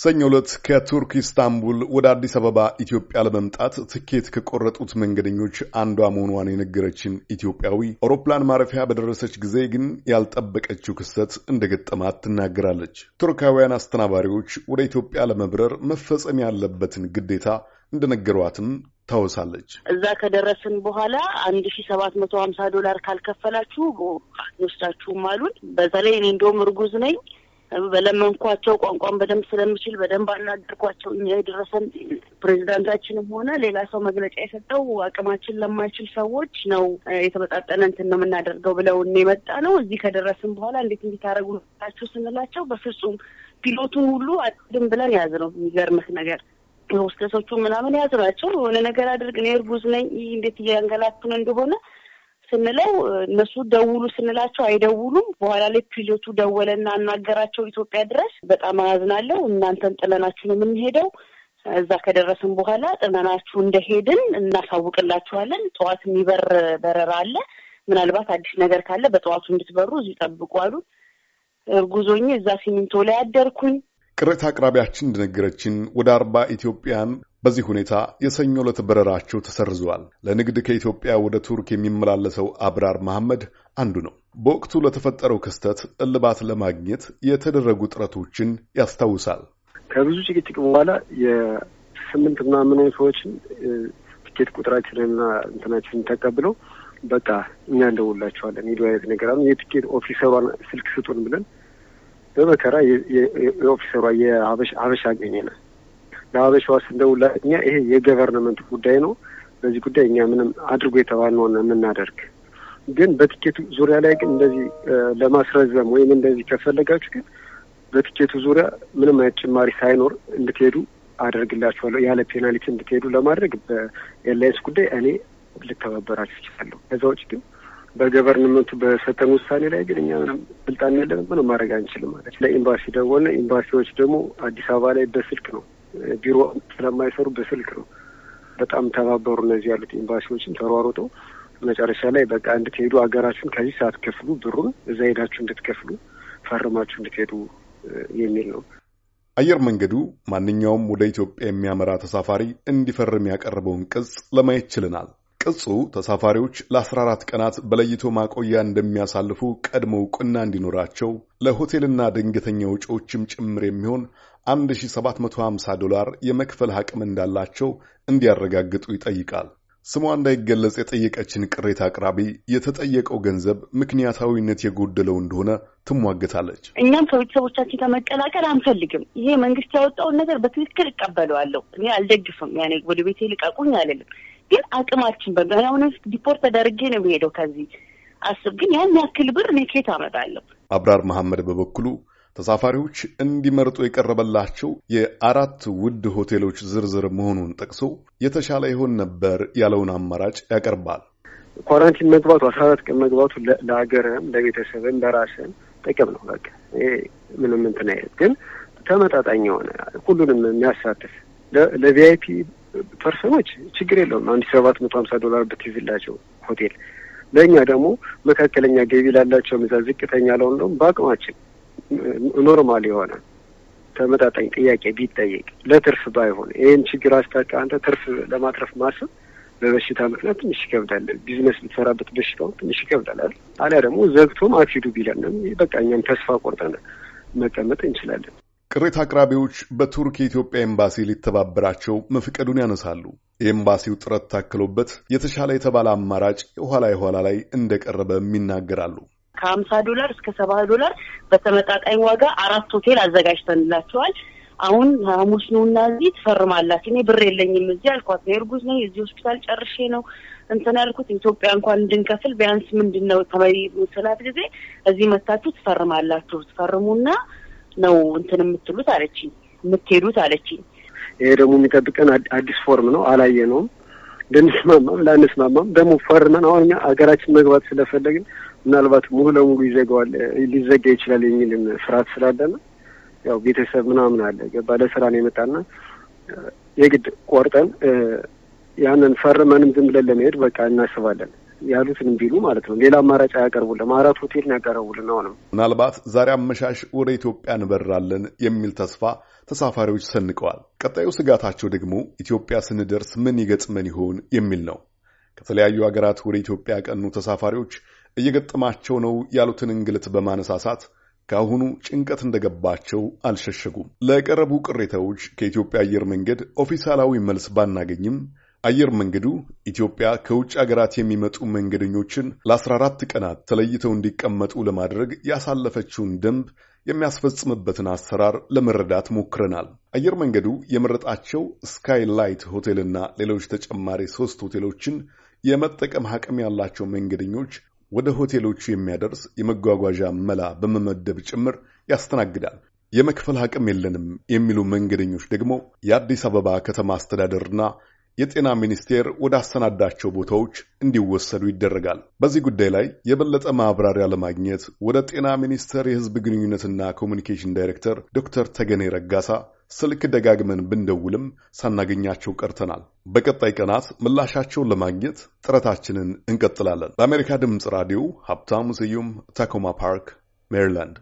ሰኞ ዕለት ከቱርክ ኢስታንቡል ወደ አዲስ አበባ ኢትዮጵያ ለመምጣት ትኬት ከቆረጡት መንገደኞች አንዷ መሆኗን የነገረችን ኢትዮጵያዊ አውሮፕላን ማረፊያ በደረሰች ጊዜ ግን ያልጠበቀችው ክስተት እንደገጠማት ትናገራለች። ቱርካውያን አስተናባሪዎች ወደ ኢትዮጵያ ለመብረር መፈጸም ያለበትን ግዴታ እንደነገሯትም ታወሳለች። እዛ ከደረስን በኋላ አንድ ሺ ሰባት መቶ ሀምሳ ዶላር ካልከፈላችሁ ወስዳችሁም አሉን። በተለይ እኔ እንደውም እርጉዝ ነኝ በለመንኳቸው ቋንቋን በደንብ ስለምችል በደንብ አናገርኳቸው። እኛ የደረሰን ፕሬዚዳንታችንም ሆነ ሌላ ሰው መግለጫ የሰጠው አቅማችን ለማይችል ሰዎች ነው የተመጣጠነ እንትን ነው የምናደርገው ብለውን የመጣ ነው። እዚህ ከደረስን በኋላ እንዴት እንዲታረጉ ናቸው ስንላቸው በፍጹም ፒሎቱን ሁሉ አድም ብለን ያዝ ነው። የሚገርምህ ነገር ሆስተሶቹ ምናምን ያዝ ናቸው የሆነ ነገር አድርግ እኔ እርጉዝ ነኝ እንዴት እያንገላቱን እንደሆነ ስንለው እነሱ ደውሉ ስንላቸው አይደውሉም። በኋላ ላይ ፒሎቱ ደወለና አናገራቸው ኢትዮጵያ ድረስ። በጣም አያዝናለሁ፣ እናንተን ጥለናችሁ ነው የምንሄደው። እዛ ከደረስን በኋላ ጥለናችሁ እንደሄድን እናሳውቅላችኋለን። ጠዋት የሚበር በረራ አለ፣ ምናልባት አዲስ ነገር ካለ በጠዋቱ እንድትበሩ እዚህ ጠብቁ አሉ። እርጉዞኝ እዛ ሲሚንቶ ላይ አደርኩኝ። ቅሬታ አቅራቢያችን እንደነገረችን ወደ አርባ ኢትዮጵያን በዚህ ሁኔታ የሰኞ ዕለት በረራቸው ተሰርዘዋል ለንግድ ከኢትዮጵያ ወደ ቱርክ የሚመላለሰው አብራር መሐመድ አንዱ ነው። በወቅቱ ለተፈጠረው ክስተት እልባት ለማግኘት የተደረጉ ጥረቶችን ያስታውሳል። ከብዙ ጭቅጭቅ በኋላ የስምንት ምናምን ሰዎችን ትኬት ቁጥራችንና እንትናችን ተቀብለው በቃ እኛ እንደውላቸዋለን ሂዱ አይነት ነገር አሁን የትኬት ኦፊሰሯን ስልክ ስጡን ብለን በመከራ የኦፊሰሯ የሀበሻ አገኘናል ለሀበሻዋ ስለው እኛ ይሄ የገቨርንመንት ጉዳይ ነው። በዚህ ጉዳይ እኛ ምንም አድርጎ የተባልነውን የምናደርግ ግን በትኬቱ ዙሪያ ላይ ግን እንደዚህ ለማስረዘም ወይም እንደዚህ ከፈለጋችሁ ግን በትኬቱ ዙሪያ ምንም አይነት ጭማሪ ሳይኖር እንድትሄዱ አደርግላችኋለሁ። ያለ ፔናሊቲ እንድትሄዱ ለማድረግ በኤርላይንስ ጉዳይ እኔ ልተባበራችሁ እችላለሁ። ከዛ ውጭ ግን በገቨርንመንቱ በሰጠን ውሳኔ ላይ ግን እኛ ምንም ስልጣን የለም፣ ምንም ማድረግ አንችልም ማለት። ለኤምባሲ ደወልን። ኤምባሲዎች ደግሞ አዲስ አበባ ላይ በስልክ ነው ቢሮ ስለማይሰሩ በስልክ ነው። በጣም ተባበሩ። እነዚህ ያሉት ኤምባሲዎችን ተሯሩጠው መጨረሻ ላይ በቃ እንድትሄዱ ሀገራችን ከዚህ ሰዓት ከፍሉ ብሩን እዛ ሄዳችሁ እንድትከፍሉ ፈርማችሁ እንድትሄዱ የሚል ነው። አየር መንገዱ ማንኛውም ወደ ኢትዮጵያ የሚያመራ ተሳፋሪ እንዲፈርም ያቀረበውን ቅጽ ለማየት ችለናል። ቅጹ ተሳፋሪዎች ለ14 ቀናት በለይቶ ማቆያ እንደሚያሳልፉ ቀድሞ ዕውቅና እንዲኖራቸው ለሆቴልና ድንገተኛ ወጪዎችም ጭምር የሚሆን 1750 ዶላር የመክፈል አቅም እንዳላቸው እንዲያረጋግጡ ይጠይቃል። ስሟ እንዳይገለጽ የጠየቀችን ቅሬታ አቅራቢ የተጠየቀው ገንዘብ ምክንያታዊነት የጎደለው እንደሆነ ትሟገታለች። እኛም ከቤተሰቦቻችን ከመቀላቀል አንፈልግም። ይሄ መንግስት ያወጣውን ነገር በትክክል እቀበለዋለሁ። እኔ አልደግፍም። ያኔ ወደ ቤቴ ልቀቁኝ አልልም። ግን አቅማችን በሆነ ዲፖርት ተደርጌ ነው የሚሄደው ከዚህ አስብ ግን ያን ያክል ብር እኔ ከየት አመጣለሁ? አብራር መሐመድ በበኩሉ ተሳፋሪዎች እንዲመርጡ የቀረበላቸው የአራት ውድ ሆቴሎች ዝርዝር መሆኑን ጠቅሶ የተሻለ ይሆን ነበር ያለውን አማራጭ ያቀርባል። ኳራንቲን መግባቱ አስራ አራት ቀን መግባቱ ለሀገርም ለቤተሰብም ለራስም ጥቅም ነው። በቃ ይሄ ምንም እንትን አይነት ግን ተመጣጣኝ የሆነ ሁሉንም የሚያሳትፍ ለቪአይፒ ፐርሰኖች ችግር የለውም አንድ ሰባት መቶ ሀምሳ ዶላር ብትይዝላቸው ሆቴል ለእኛ ደግሞ መካከለኛ ገቢ ላላቸው እዛ ዝቅተኛ ለሆን ደግሞ በአቅማችን ኖርማል የሆነ ተመጣጣኝ ጥያቄ ቢጠየቅ ለትርፍ ባይሆን ይህን ችግር አስታቃ አንተ ትርፍ ለማትረፍ ማሰብ በበሽታ ምክንያት ትንሽ ይከብዳል። ቢዝነስ ብትሰራበት በሽታው ትንሽ ይከብዳል አሊያ ደግሞ ዘግቶም አትሂዱ ቢለንም በቃ እኛም ተስፋ ቆርጠን መቀመጥ እንችላለን። ቅሬታ አቅራቢዎች በቱርክ የኢትዮጵያ ኤምባሲ ሊተባበራቸው መፍቀዱን ያነሳሉ። የኤምባሲው ጥረት ታክሎበት የተሻለ የተባለ አማራጭ የኋላ የኋላ ላይ እንደቀረበም ይናገራሉ። ከሀምሳ ዶላር እስከ ሰባ ዶላር በተመጣጣኝ ዋጋ አራት ሆቴል አዘጋጅተንላቸዋል። አሁን ሐሙስ እና እዚህ ትፈርማላችሁ። እኔ ብር የለኝም እዚህ አልኳት። ነው እርጉዝ ነኝ፣ እዚህ ሆስፒታል ጨርሼ ነው እንትን ያልኩት። ኢትዮጵያ እንኳን እንድንከፍል ቢያንስ ምንድን ነው ተመይ ስላት ጊዜ እዚህ መታችሁ ትፈርማላችሁ፣ ትፈርሙና ነው እንትን የምትሉት አለችኝ፣ የምትሄዱት አለችኝ። ይሄ ደግሞ የሚጠብቀን አዲስ ፎርም ነው፣ አላየነውም። ልንስማማም ላንስማማም ደግሞ ፈርመን አሁን እኛ ሀገራችን መግባት ስለፈለግን ምናልባት ሙሉ ለሙሉ ይዘጋዋል ሊዘጋ ይችላል የሚልን ፍርሃት ስላለና ያው ቤተሰብ ምናምን አለ ገባ ለስራ ነው የመጣና የግድ ቆርጠን ያንን ፈርመንም ዝም ብለን ለመሄድ በቃ እናስባለን። ያሉትን ቢሉ ማለት ነው። ሌላ አማራጭ አያቀርቡልን። አራት ሆቴል ያቀረቡልን። አሁንም ምናልባት ዛሬ አመሻሽ ወደ ኢትዮጵያ እንበራለን የሚል ተስፋ ተሳፋሪዎች ሰንቀዋል። ቀጣዩ ስጋታቸው ደግሞ ኢትዮጵያ ስንደርስ ምን ይገጥመን ይሆን የሚል ነው። ከተለያዩ ሀገራት ወደ ኢትዮጵያ ያቀኑ ተሳፋሪዎች እየገጠማቸው ነው ያሉትን እንግልት በማነሳሳት ከአሁኑ ጭንቀት እንደገባቸው አልሸሸጉም። ለቀረቡ ቅሬታዎች ከኢትዮጵያ አየር መንገድ ኦፊሳላዊ መልስ ባናገኝም አየር መንገዱ ኢትዮጵያ ከውጭ ሀገራት የሚመጡ መንገደኞችን ለ14 ቀናት ተለይተው እንዲቀመጡ ለማድረግ ያሳለፈችውን ደንብ የሚያስፈጽምበትን አሰራር ለመረዳት ሞክረናል። አየር መንገዱ የመረጣቸው ስካይላይት ሆቴልና ሌሎች ተጨማሪ ሶስት ሆቴሎችን የመጠቀም አቅም ያላቸው መንገደኞች ወደ ሆቴሎቹ የሚያደርስ የመጓጓዣ መላ በመመደብ ጭምር ያስተናግዳል። የመክፈል አቅም የለንም የሚሉ መንገደኞች ደግሞ የአዲስ አበባ ከተማ አስተዳደርና የጤና ሚኒስቴር ወዳሰናዳቸው ቦታዎች እንዲወሰዱ ይደረጋል። በዚህ ጉዳይ ላይ የበለጠ ማብራሪያ ለማግኘት ወደ ጤና ሚኒስቴር የሕዝብ ግንኙነትና ኮሚኒኬሽን ዳይሬክተር ዶክተር ተገኔ ረጋሳ ስልክ ደጋግመን ብንደውልም ሳናገኛቸው ቀርተናል። በቀጣይ ቀናት ምላሻቸውን ለማግኘት ጥረታችንን እንቀጥላለን። ለአሜሪካ ድምፅ ራዲዮ ሀብታሙ ስዩም ታኮማ ፓርክ ሜሪላንድ